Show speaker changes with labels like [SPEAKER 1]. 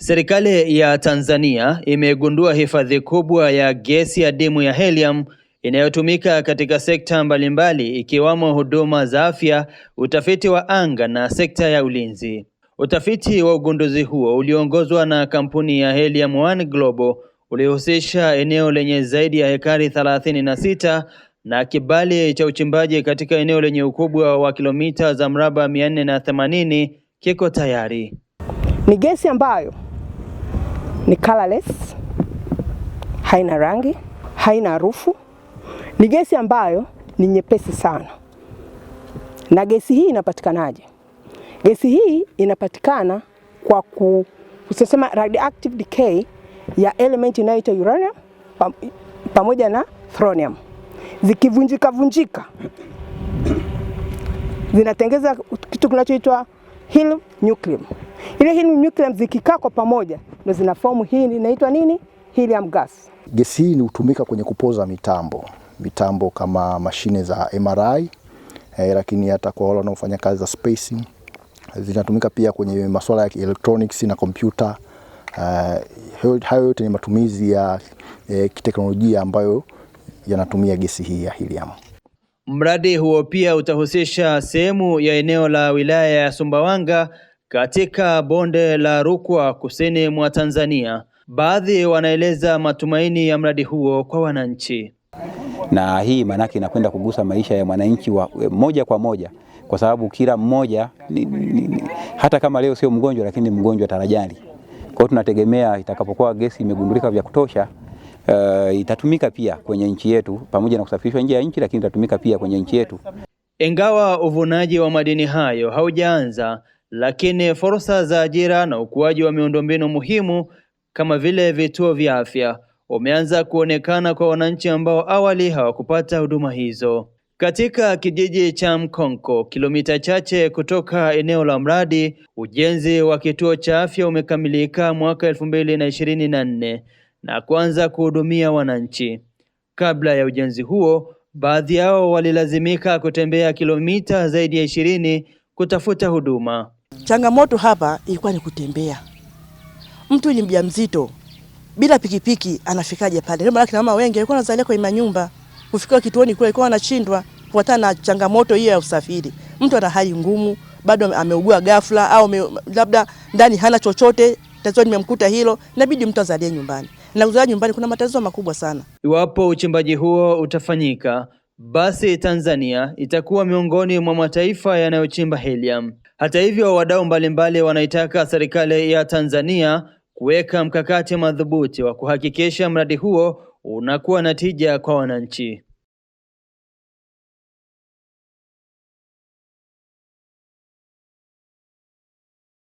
[SPEAKER 1] Serikali ya Tanzania imegundua hifadhi kubwa ya gesi adimu ya helium inayotumika katika sekta mbalimbali ikiwamo huduma za afya, utafiti wa anga na sekta ya ulinzi. Utafiti wa ugunduzi huo uliongozwa na kampuni ya Helium One Global uliohusisha eneo lenye zaidi ya hekari thelathini na sita na kibali cha uchimbaji katika eneo lenye ukubwa wa kilomita za mraba mia nne na themanini kiko tayari.
[SPEAKER 2] Ni gesi ambayo ni colorless, haina rangi, haina harufu, ni gesi ambayo ni nyepesi sana. Na gesi hii inapatikanaje? Gesi hii inapatikana kwa ku, kusema radioactive decay ya element inayoitwa uranium pamoja na thorium zikivunjika vunjika zinatengeza kitu kinachoitwa helium nucleum. Ile helium nucleum zikikaa kwa pamoja ndo zina fomu hii inaitwa nini? Helium gas.
[SPEAKER 3] Gesi hii hutumika kwenye kupoza mitambo, mitambo kama mashine za MRI eh, lakini hata kwa wale wanaofanya kazi za space zinatumika pia kwenye masuala ya electronics na kompyuta. Uh, eh, hayo yote ni matumizi ya eh, kiteknolojia ambayo yanatumia gesi hii ya helium.
[SPEAKER 1] Mradi huo pia utahusisha sehemu ya eneo la wilaya ya Sumbawanga katika bonde la Rukwa kusini mwa Tanzania, baadhi wanaeleza matumaini ya mradi huo kwa wananchi.
[SPEAKER 3] Na hii maanake inakwenda kugusa maisha ya mwananchi wa eh, moja kwa moja, kwa sababu kila mmoja ni, ni, ni, hata kama leo sio mgonjwa, lakini mgonjwa tarajali. Kwa hiyo tunategemea itakapokuwa gesi imegundulika vya kutosha Uh, itatumika pia kwenye nchi yetu pamoja na kusafirishwa nje ya nchi, lakini itatumika pia kwenye nchi yetu.
[SPEAKER 1] Ingawa uvunaji wa madini hayo haujaanza, lakini fursa za ajira na ukuaji wa miundombinu muhimu kama vile vituo vya afya umeanza kuonekana kwa wananchi ambao awali hawakupata huduma hizo. Katika kijiji cha Mkonko, kilomita chache kutoka eneo la mradi, ujenzi wa kituo cha afya umekamilika mwaka 2024 na na kuanza kuhudumia wananchi. Kabla ya ujenzi huo, baadhi yao walilazimika kutembea kilomita zaidi ya ishirini kutafuta huduma.
[SPEAKER 4] Changamoto hapa ilikuwa ni kutembea. Mtu ni mjamzito bila pikipiki anafikaje pale? Ndio maana kina mama wengi walikuwa wanazalia kwa manyumba, kufika kituoni kule walikuwa wanashindwa kufuatana na changamoto hiyo ya usafiri. Mtu ana hali ngumu, bado ameugua ghafla au me, labda ndani hana chochote, tatizo nimemkuta hilo, inabidi mtu azalie nyumbani. Na kuzalia nyumbani kuna matatizo makubwa sana.
[SPEAKER 1] Iwapo uchimbaji huo utafanyika basi Tanzania itakuwa miongoni mwa mataifa yanayochimba helium. Hata hivyo, wadau mbalimbali wanaitaka serikali ya Tanzania kuweka mkakati madhubuti wa kuhakikisha mradi huo unakuwa na tija kwa wananchi.